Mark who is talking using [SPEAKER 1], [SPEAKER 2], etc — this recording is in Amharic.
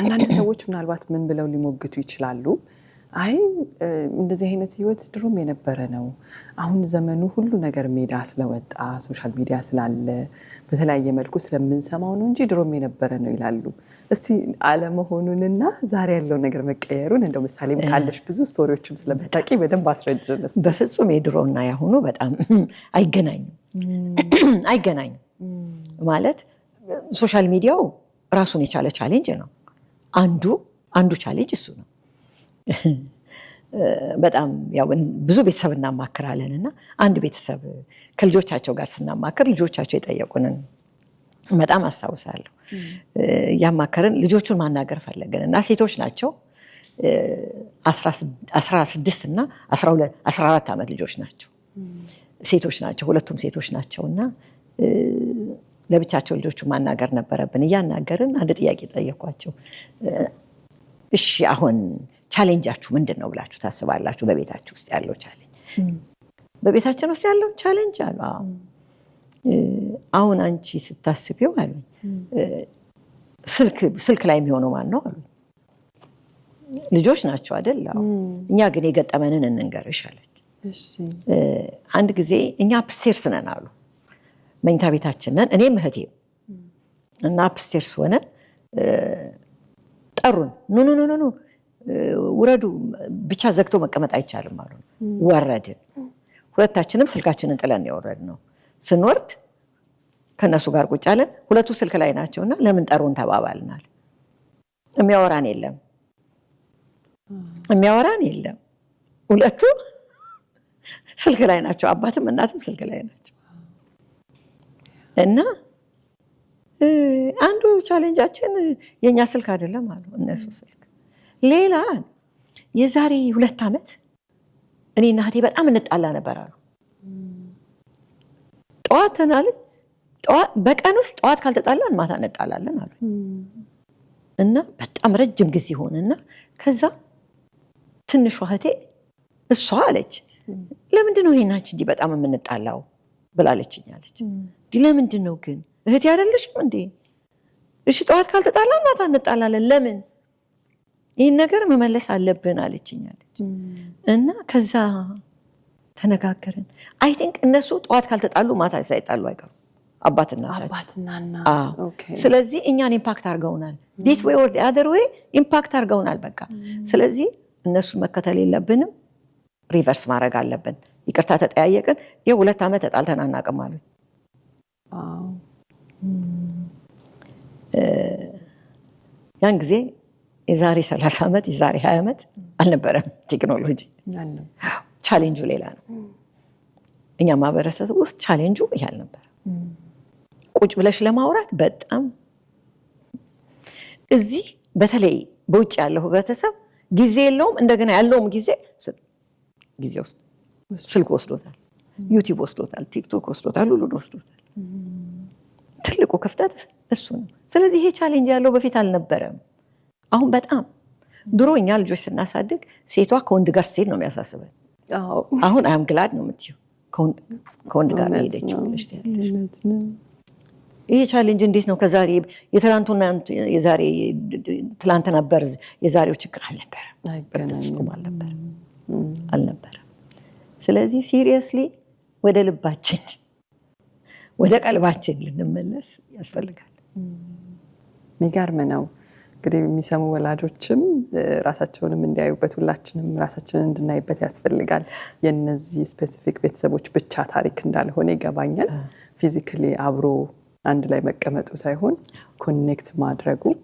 [SPEAKER 1] አንዳንድ ሰዎች ምናልባት ምን ብለው ሊሞግቱ ይችላሉ? አይ እንደዚህ አይነት ህይወት ድሮም የነበረ ነው። አሁን ዘመኑ ሁሉ ነገር ሜዳ ስለወጣ ሶሻል ሚዲያ ስላለ በተለያየ መልኩ ስለምንሰማው ነው እንጂ ድሮም የነበረ ነው ይላሉ። እስቲ አለመሆኑንና ዛሬ ያለው ነገር መቀየሩን እንደው ምሳሌም ካለሽ ብዙ ስቶሪዎችም ስለምታውቂ በደንብ አስረጅን።
[SPEAKER 2] በፍጹም የድሮና ያሁኑ በጣም አይገናኙም አይገናኙም ማለት ሶሻል ሚዲያው ራሱን የቻለ ቻሌንጅ ነው። አንዱ አንዱ ቻሌንጅ እሱ ነው። በጣም ያው ብዙ ቤተሰብ እናማክራለን እና አንድ ቤተሰብ ከልጆቻቸው ጋር ስናማክር ልጆቻቸው የጠየቁንን በጣም አስታውሳለሁ። እያማከርን ልጆቹን ማናገር ፈለግን እና ሴቶች ናቸው አስራ ስድስት እና አስራ አራት ዓመት ልጆች ናቸው። ሴቶች ናቸው፣ ሁለቱም ሴቶች ናቸው እና ለብቻቸው ልጆቹ ማናገር ነበረብን። እያናገርን አንድ ጥያቄ ጠየኳቸው። እሺ አሁን ቻሌንጃችሁ ምንድን ነው ብላችሁ ታስባላችሁ? በቤታችሁ ውስጥ ያለው ቻሌንጅ በቤታችን ውስጥ ያለው ቻሌንጅ አሉ። አሁን አንቺ ስታስቢው አሉ፣ ስልክ ላይ የሚሆነው ማን ነው አሉ። ልጆች ናቸው አደል? እኛ ግን የገጠመንን እንንገርሽ አለች። አንድ ጊዜ እኛ አፕስቴርስ ነን አሉ መኝታ ቤታችንን እኔም እህቴ እና አፕስቴርስ ሆነ ጠሩን። ኑ ኑ ኑ ኑ ውረዱ፣ ብቻ ዘግቶ መቀመጥ አይቻልም አሉ። ወረድን። ሁለታችንም ስልካችንን ጥለን ነው። ስንወርድ ከእነሱ ጋር ቁጭ አለን። ሁለቱ ስልክ ላይ እና ለምን ጠሩን ተባባልናል። የሚያወራን የለም የሚያወራን የለም። ሁለቱ ስልክ ላይ ናቸው። አባትም እናትም ስልክ ላይ ናቸው። እና አንዱ ቻሌንጃችን የእኛ ስልክ አይደለም አሉ እነሱ ስልክ። ሌላ የዛሬ ሁለት ዓመት እኔ እና በጣም እንጣላ ነበር አሉ። ጠዋት ተናለች። በቀን ውስጥ ጠዋት ካልተጣላን ማታ እንጣላለን አሉ እና በጣም ረጅም ጊዜ ሆነ እና ከዛ ትንሿ እህቴ እሷ አለች ለምንድን ነው እኔና አንቺ እንጂ በጣም የምንጣላው ብላለችኝ አለች። ለምንድን ነው ግን እህት አይደለሽም እንዴ? እሺ ጠዋት ካልተጣላ እናት እንጣላለን። ለምን ይህን ነገር መመለስ አለብን አለችኝ አለች። እና ከዛ ተነጋገርን። አይ ቲንክ እነሱ ጠዋት ካልተጣሉ ማታ ሳይጣሉ አይቀሩም አባትና ስለዚህ እኛን ኢምፓክት አድርገውናል። ዲስ ወይ ወር አደር ወይ ኢምፓክት አድርገውናል። በቃ ስለዚህ እነሱን መከተል የለብንም፣ ሪቨርስ ማድረግ አለብን። ይቅርታ ተጠያየቅን። ይኸው ሁለት ዓመት ተጣልተን አናውቅም ያን ጊዜ የዛሬ 30 ዓመት የዛሬ 20 ዓመት አልነበረም ቴክኖሎጂ። ቻሌንጁ ሌላ ነው። እኛ ማህበረሰብ ውስጥ ቻሌንጁ ይህ አልነበረ። ቁጭ ብለሽ ለማውራት በጣም እዚህ በተለይ በውጭ ያለው ህብረተሰብ ጊዜ የለውም። እንደገና ያለውም ጊዜ ጊዜ ውስጥ ስልክ ወስዶታል፣ ዩቲዩብ ወስዶታል፣ ቲክቶክ ወስዶታል፣ ሁሉን ወስዶታል። ትልቁ ክፍተት እሱ ነው። ስለዚህ ይሄ ቻሌንጅ ያለው በፊት አልነበረም። አሁን በጣም ድሮ እኛ ልጆች ስናሳድግ ሴቷ ከወንድ ጋር ስትሄድ ነው የሚያሳስበን። አሁን አም ግላድ ነው የምትይው ከወንድ ጋር ሄደችው ይህ ቻሌንጅ እንዴት ነው ከዛሬ የትላንቱና የዛሬ ትላንት ነበር የዛሬው ችግር አልነበረም፣ በፍጹም ስለዚህ ሲሪየስሊ ወደ ልባችን ወደ ቀልባችን ልንመለስ ያስፈልጋል።
[SPEAKER 1] ሚገርም ነው እንግዲህ የሚሰሙ ወላጆችም ራሳቸውንም እንዲያዩበት ሁላችንም ራሳችንን እንድናይበት ያስፈልጋል። የነዚህ ስፔሲፊክ ቤተሰቦች ብቻ ታሪክ እንዳልሆነ ይገባኛል። ፊዚክሊ አብሮ አንድ ላይ መቀመጡ ሳይሆን ኮኔክት ማድረጉ